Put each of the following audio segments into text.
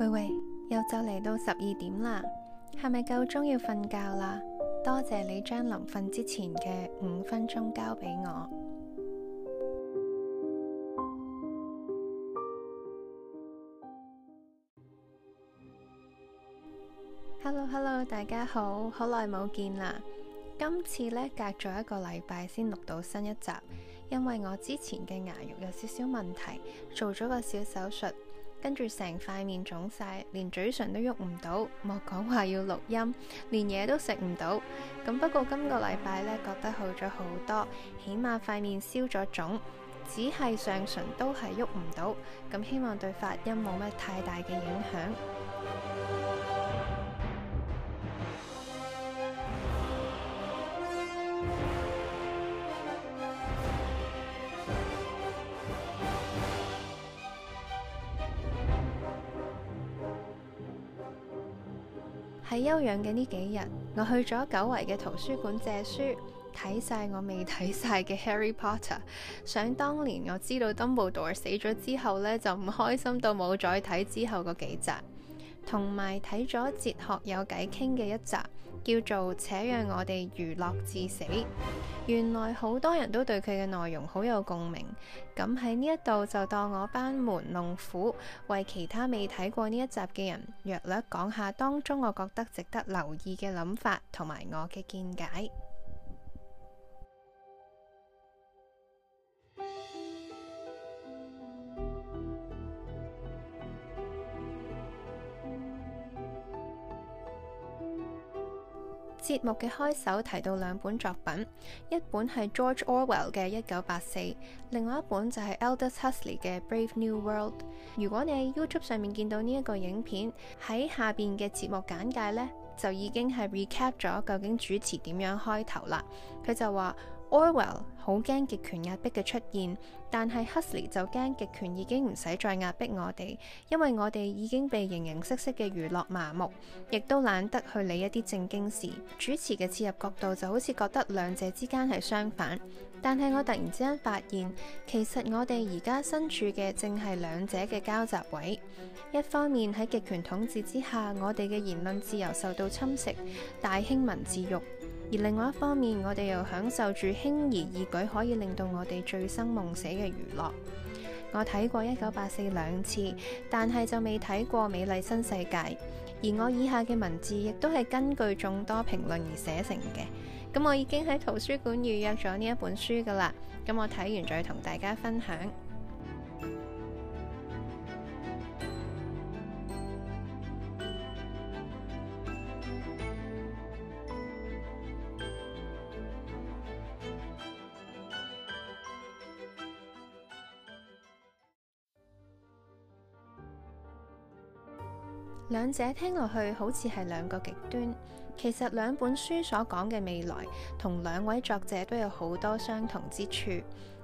喂喂，又就嚟到十二點啦，係咪夠鐘要瞓覺啦？多謝你將臨瞓之前嘅五分鐘交俾我。Hello，Hello，hello，大家好，好耐冇見啦。今次呢，隔咗一個禮拜先錄到新一集，因為我之前嘅牙肉有少少問題，做咗個小手術。跟住成塊面腫晒，連嘴唇都喐唔到，莫講話要錄音，連嘢都食唔到。咁不過今個禮拜呢，覺得好咗好多，起碼塊面消咗腫，只係上唇都係喐唔到。咁希望對發音冇咩太大嘅影響。喺休養嘅呢幾日，我去咗久違嘅圖書館借書，睇晒我未睇晒嘅《Harry Potter》。想當年我知道 Dumbledore 死咗之後呢，就唔開心到冇再睇之後嗰幾集，同埋睇咗哲學有偈傾嘅一集。叫做且讓我哋娛樂至死。原來好多人都對佢嘅內容好有共鳴。咁喺呢一度就當我班門弄斧，為其他未睇過呢一集嘅人，約略講下當中我覺得值得留意嘅諗法同埋我嘅見解。節目嘅開首提到兩本作品，一本係 George Orwell 嘅《一九八四》，另外一本就係 Aldous Huxley 嘅《Brave New World》。如果你喺 YouTube 上面見到呢一個影片，喺下邊嘅節目簡介呢，就已經係 recap 咗究竟主持點樣開頭啦。佢就話，Orwell 好驚極權壓迫嘅出現，但係 Huxley 就驚極權已經唔使再壓迫我哋，因為我哋已經被形形色色嘅娛樂麻木，亦都懶得去理一啲正經事。主持嘅切入角度就好似覺得兩者之間係相反，但係我突然之間發現，其實我哋而家身處嘅正係兩者嘅交集位。一方面喺極權統治之下，我哋嘅言論自由受到侵蝕，大興文字獄。而另外一方面，我哋又享受住輕而易舉可以令到我哋醉生夢死嘅娛樂。我睇過《一九八四》兩次，但係就未睇過《美麗新世界》。而我以下嘅文字亦都係根據眾多評論而寫成嘅。咁我已經喺圖書館預約咗呢一本書㗎啦。咁我睇完再同大家分享。兩者聽落去好似係兩個極端，其實兩本書所講嘅未來，同兩位作者都有好多相同之處。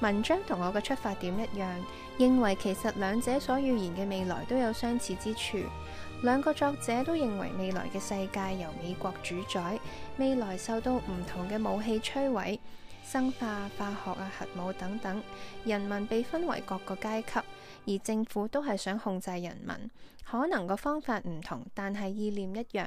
文章同我嘅出發點一樣，認為其實兩者所預言嘅未來都有相似之處。兩個作者都認為未來嘅世界由美國主宰，未來受到唔同嘅武器摧毀，生化、化學啊、核武等等，人民被分為各個階級，而政府都係想控制人民，可能個方法唔同，但係意念一樣。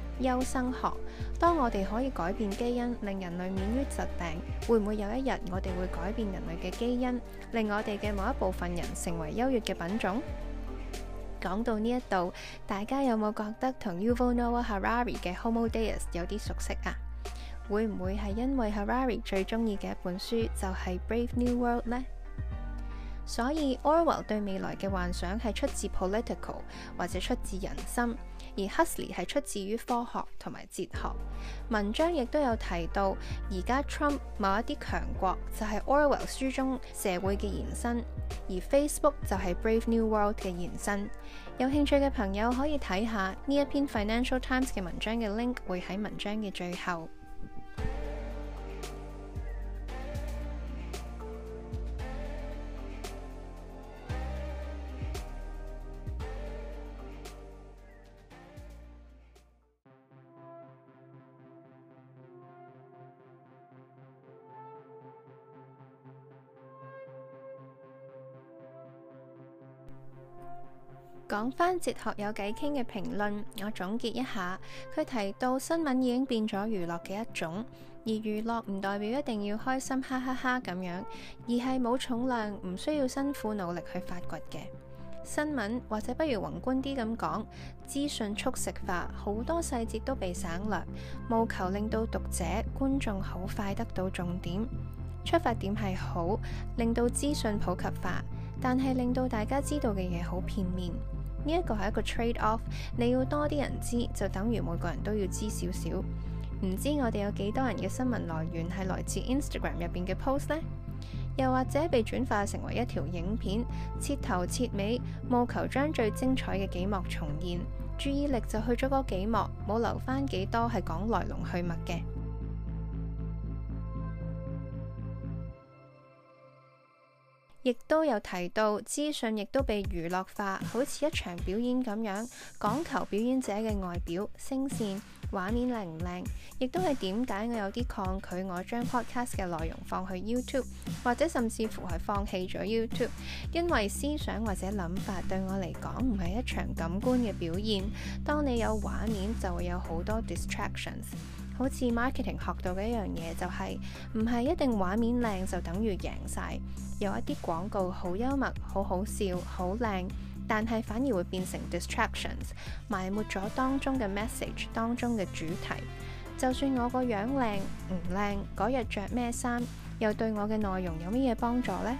優生學，當我哋可以改變基因，令人類免於疾病，會唔會有一日我哋會改變人類嘅基因，令我哋嘅某一部分人成為優越嘅品種？講到呢一度，大家有冇覺得同 Yuval Noah Harari 嘅《Homo Deus》有啲熟悉啊？會唔會係因為 Harari 最中意嘅一本書就係、是《Brave New World》呢？所以 Orwell 對未來嘅幻想係出自 Political，或者出自人心。而 Huxley 係出自於科學同埋哲學文章，亦都有提到而家 Trump 某一啲強國就係 Orwell 書中社會嘅延伸，而 Facebook 就係 Brave New World 嘅延伸。有興趣嘅朋友可以睇下呢一篇 Financial Times 嘅文章嘅 link，會喺文章嘅最後。講返哲學有偈傾嘅評論，我總結一下。佢提到新聞已經變咗娛樂嘅一種，而娛樂唔代表一定要開心，哈哈哈咁樣，而係冇重量，唔需要辛苦努力去發掘嘅新聞。或者不如宏觀啲咁講，資訊速食化，好多細節都被省略，務求令到讀者、觀眾好快得到重點。出發點係好，令到資訊普及化，但係令到大家知道嘅嘢好片面。呢一個係一個 trade off，你要多啲人知，就等於每個人都要知少少。唔知我哋有幾多人嘅新聞來源係來自 Instagram 入邊嘅 post 呢？又或者被轉化成為一條影片，切頭切尾，務求將最精彩嘅幾幕重現，注意力就去咗嗰幾幕，冇留返幾多係講來龍去脈嘅。亦都有提到資訊亦都被娛樂化，好似一場表演咁樣，講求表演者嘅外表、聲線、畫面靚唔靚。亦都係點解我有啲抗拒我將 podcast 嘅內容放去 YouTube，或者甚至乎係放棄咗 YouTube，因為思想或者諗法對我嚟講唔係一場感官嘅表現。當你有畫面，就會有好多 distractions。好似 marketing 學到嘅一樣嘢，就是，就係唔係一定畫面靚就等於贏晒。有一啲廣告好幽默、好好笑、好靚，但係反而會變成 distractions，埋沒咗當中嘅 message，當中嘅主題。就算我個樣靚唔靚，嗰日着咩衫，又對我嘅內容有咩嘢幫助呢？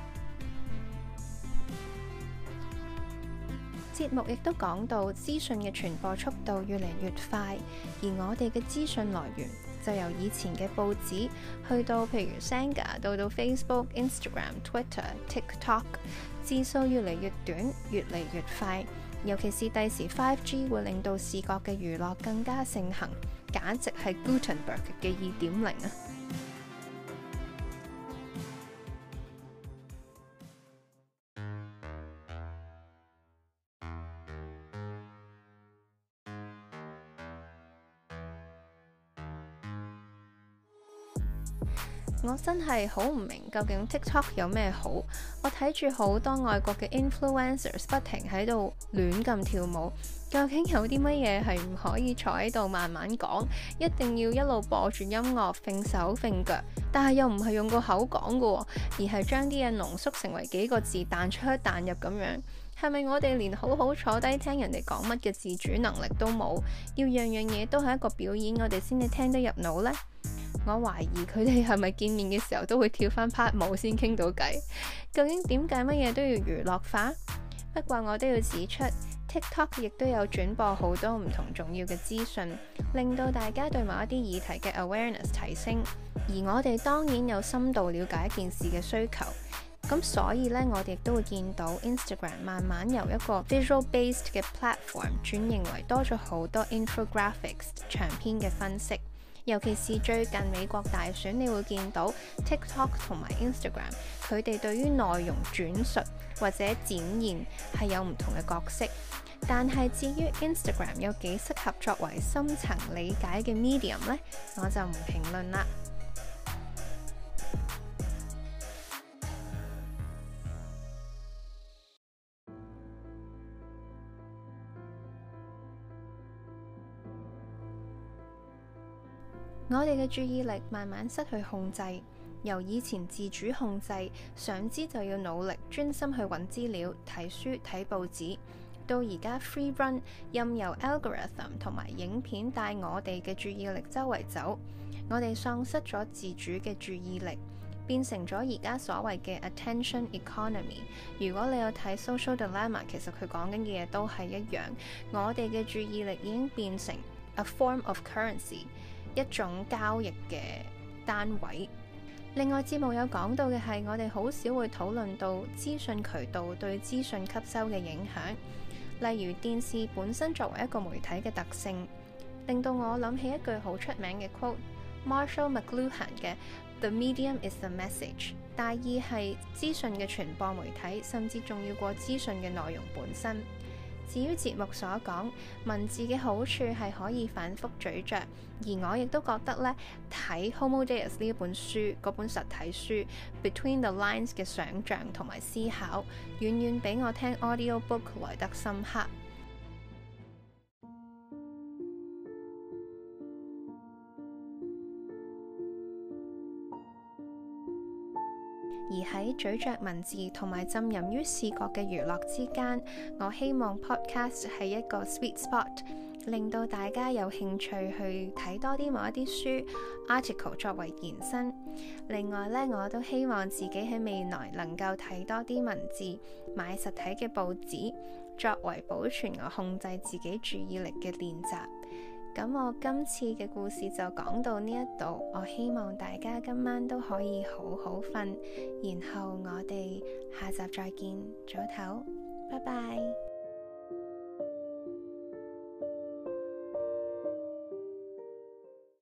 節目亦都講到資訊嘅傳播速度越嚟越快，而我哋嘅資訊來源就由以前嘅報紙，去到譬如 Senga，到到 Facebook、Instagram、Twitter、TikTok，字數越嚟越短，越嚟越快。尤其是第時 5G 會令到視覺嘅娛樂更加盛行，簡直係 Gutenberg 嘅二點零啊！真係好唔明究竟 TikTok 有咩好？我睇住好多外國嘅 influencers 不停喺度亂咁跳舞，究竟有啲乜嘢係唔可以坐喺度慢慢講，一定要一路播住音樂揈手揈腳，但係又唔係用個口講嘅，而係將啲嘢濃縮成為幾個字彈出彈入咁樣，係咪我哋連好好坐低聽人哋講乜嘅自主能力都冇，要樣樣嘢都係一個表演，我哋先至聽得入腦呢？我懷疑佢哋係咪見面嘅時候都會跳翻 part 舞先傾到偈？究竟點解乜嘢都要娛樂化？不過我都要指出，TikTok 亦都有轉播好多唔同重要嘅資訊，令到大家對某一啲議題嘅 awareness 提升。而我哋當然有深度了解一件事嘅需求，咁所以呢，我哋亦都會見到 Instagram 慢慢由一個 visual-based 嘅 platform 轉型為多咗好多 infographics 長篇嘅分析。尤其是最近美國大選，你會見到 TikTok 同埋 Instagram 佢哋對於內容轉述或者展現係有唔同嘅角色。但係至於 Instagram 有幾適合作為深層理解嘅 medium 呢，我就唔評論啦。我哋嘅注意力慢慢失去控制，由以前自主控制，想知就要努力專心去揾資料、睇書、睇報紙，到而家 free run 任由 algorithm 同埋影片帶我哋嘅注意力周圍走，我哋喪失咗自主嘅注意力，變成咗而家所謂嘅 attention economy。如果你有睇 Social Dilemma，其實佢講緊嘅嘢都係一樣，我哋嘅注意力已經變成 a form of currency。一種交易嘅單位。另外節目有講到嘅係，我哋好少會討論到資訊渠道對資訊吸收嘅影響，例如電視本身作為一個媒體嘅特性，令到我諗起一句好出名嘅 quote，Marshall McLuhan 嘅 The medium is the message，大意係資訊嘅傳播媒體甚至重要過資訊嘅內容本身。至於節目所講文字嘅好處係可以反覆咀嚼，而我亦都覺得咧睇《Homo Deus》呢本書嗰本實體書《Between the Lines》嘅想像同埋思考，遠遠比我聽 audiobook 來得深刻。而喺咀嚼文字同埋浸淫於視覺嘅娛樂之間，我希望 podcast 係一個 sweet spot，令到大家有興趣去睇多啲某一啲書 article 作為延伸。另外呢，我都希望自己喺未來能夠睇多啲文字，買實體嘅報紙，作為保存我控制自己注意力嘅練習。咁我今次嘅故事就講到呢一度，我希望大家今晚都可以好好瞓，然後我哋下集再見，早唞，拜拜。